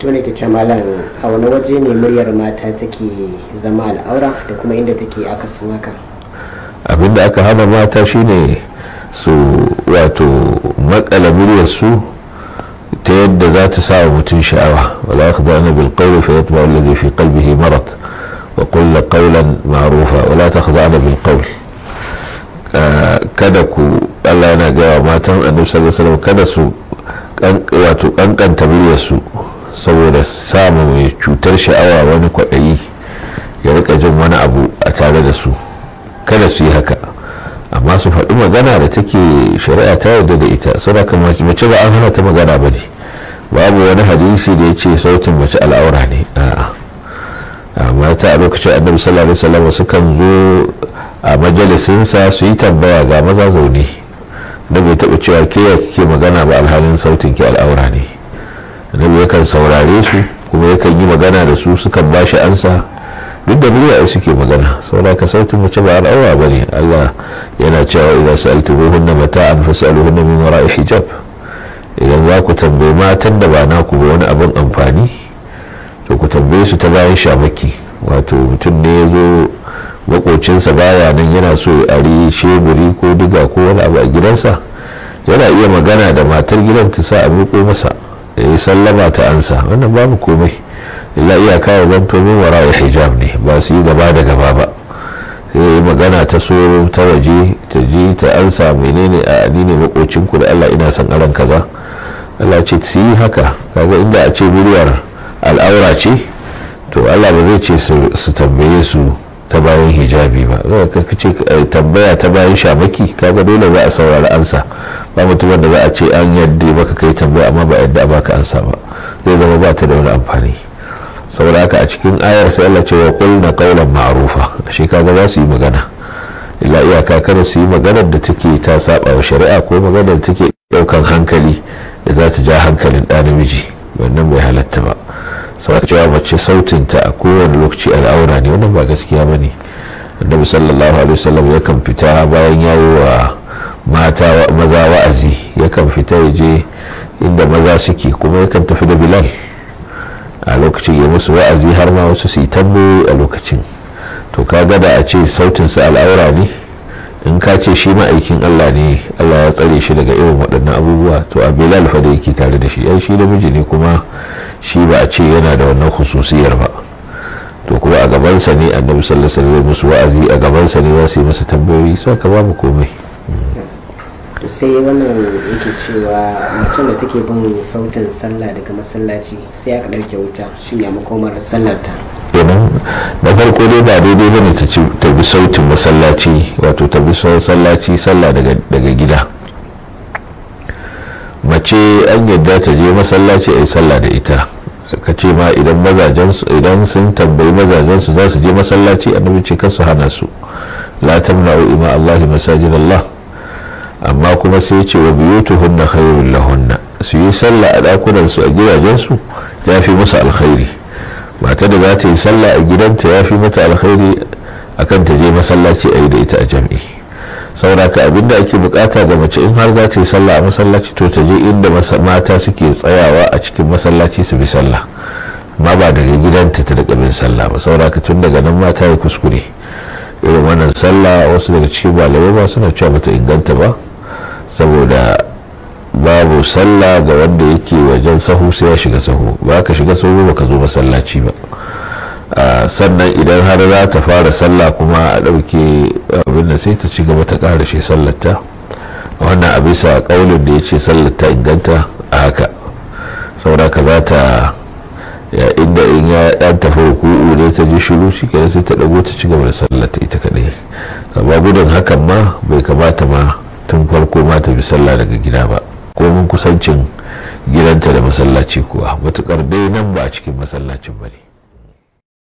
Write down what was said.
tuni ce malam a wani waje ne muryar mata take zama al'aura da kuma inda take akasin haka abin da aka hana mata shine su wato makala muryar su ta yadda za ta sa mutum sha'awa wala yakhda'na bil qawli fa yatma alladhi fi qalbihi marad wa qul qawlan ma'rufa wala takhda'na bil qawli kada ku Allah yana gaya matan annabi sallallahu alaihi wasallam kada su wato kankanta muryar su saboda samun mai cutar sha'awa wani kwaɗayi ya rika jin wani abu a tare da su kada su yi haka amma su faɗi magana da take shari'a ta yarda da ita suna kamar mace ba an hana ta magana ba ne babu wani hadisi da ya ce sautin mace al'aura ne a'a mata a lokacin annabi sallallahu alaihi wasallam sukan zo a majalisinsa su yi tambaya ga maza zaune da bai taɓa cewa ke ya kike magana ba alhalin sautin ki al'aura ne ya yakan saurare su kuma yakan yi magana da su sukan ba shi ansa duk da murya suke magana saboda ka sautin mace ba al'aura ba ne allah yana cewa idan sa'altumuhunna mata'an fas'aluhunna min wara'i hijab idan za ku tambayi matan da ba naku ba wani abin amfani to ku tambaye su ta bayan shamaki wato mutum ne ya zo makocinsa baya nan yana so ya ari sheburi ko diga ko wani abu a gidansa yana iya magana da matar gidan ta sa a miƙo masa ya eh, sallama ta ansa wannan babu komai illa iya kawo banto min ya hijab ne ba su yi gaba da gaba ba sai eh, yi magana ta so ta waje ta ji ta ansa menene a addini makocinku da Allah ina son aran kaza Allah ce su yi haka kaga inda a ce muryar al'aura ce to Allah ba zai ce su tambaye su ta bayan hijabi ba ka ce eh, tambaya ta bayan shamaki kaga dole za a saurari ansa ba mutumin da za a ce an yadda baka kai tambaya amma ba yadda ka ansa ba zai zama ba ta da wani amfani saboda haka a cikin ayar sai Allah ce wa qulna qawlan ma'rufa shi kaga za su yi magana illa iyaka kada su yi maganar da take ta saba wa shari'a ko maganar da take daukan hankali da za ta ja hankalin ɗa namiji wannan bai halatta ba saboda cewa mace ta a kowane lokaci al'aura ne wannan ba gaskiya bane annabi sallallahu alaihi wasallam yakan fita bayan yawo mata maza wa'azi yakan fita ya je inda maza suke kuma yakan tafi da bilal a lokacin ya musu wa'azi har ma wasu su yi tambayoyi a lokacin to ka gada a ce sautin su al'aura ne in ka ce shi ma'aikin allah ne allah ya tsare shi daga irin waɗannan abubuwa to a bilal fa da yake tare da shi ai shi namiji ne kuma shi ba a ce yana da wannan khususiyar ba to kuma a gabansa ne annabi sallallahu alaihi wasallam musu wa'azi a gabansa ne za su yi masa tambayoyi sai ka mu komai sai wannan yake cewa mutum da take bin sautin sallah daga masallaci sai aka ɗauke wuta shi ya makomar sallar ta na farko dai ba daidai ba ne ta bi sautin masallaci wato ta bi masallaci sallah daga gida mace an yadda ta je masallaci a yi sallah da ita ka ce ma idan sun tambayi mazajensu za su je masallaci annabi ce kan su hana su la tamna'u ima allahi masajid allah amma kuma sai ya ce wa buyutuhunna khairul lahunna su yi sallah a dakunansu a gidajensu ya fi musu alkhairi mata da za ta yi sallah a gidanta ya fi mata alkhairi akan ta je masallaci a yi da ita a jam'i saboda ka da ake bukata ga mace in har za ta yi sallah a masallaci to ta je inda mata suke tsayawa a cikin masallaci su bi sallah ma ba daga gidanta ta daga bin sallah ba saboda ka tun daga nan mata ya kuskure irin wannan sallah wasu daga cikin malamai ba suna cewa bata inganta ba saboda babu sallah ga wanda yake wajen sahu sai ya shiga sahu ba ka shiga sahu ba ka zo masallaci ba ah, sannan idan har za ta fara sallah kuma a ɗauke abin da sai ta ci gaba ta ƙara shi sallata wannan a sa ƙaunin da ya ce sallata inganta a haka saboda ka za ta ya inda in ya dan tafi ruku'u ne ta ji shiru shi kenan sai ta dago ta ci gaba da sallata ita kadai amma gudun hakan ma bai kamata ma tun farko ma bi sallah daga gida ba komin kusancin gidanta da masallaci kuwa matukar dai nan ba a cikin masallacin ba ne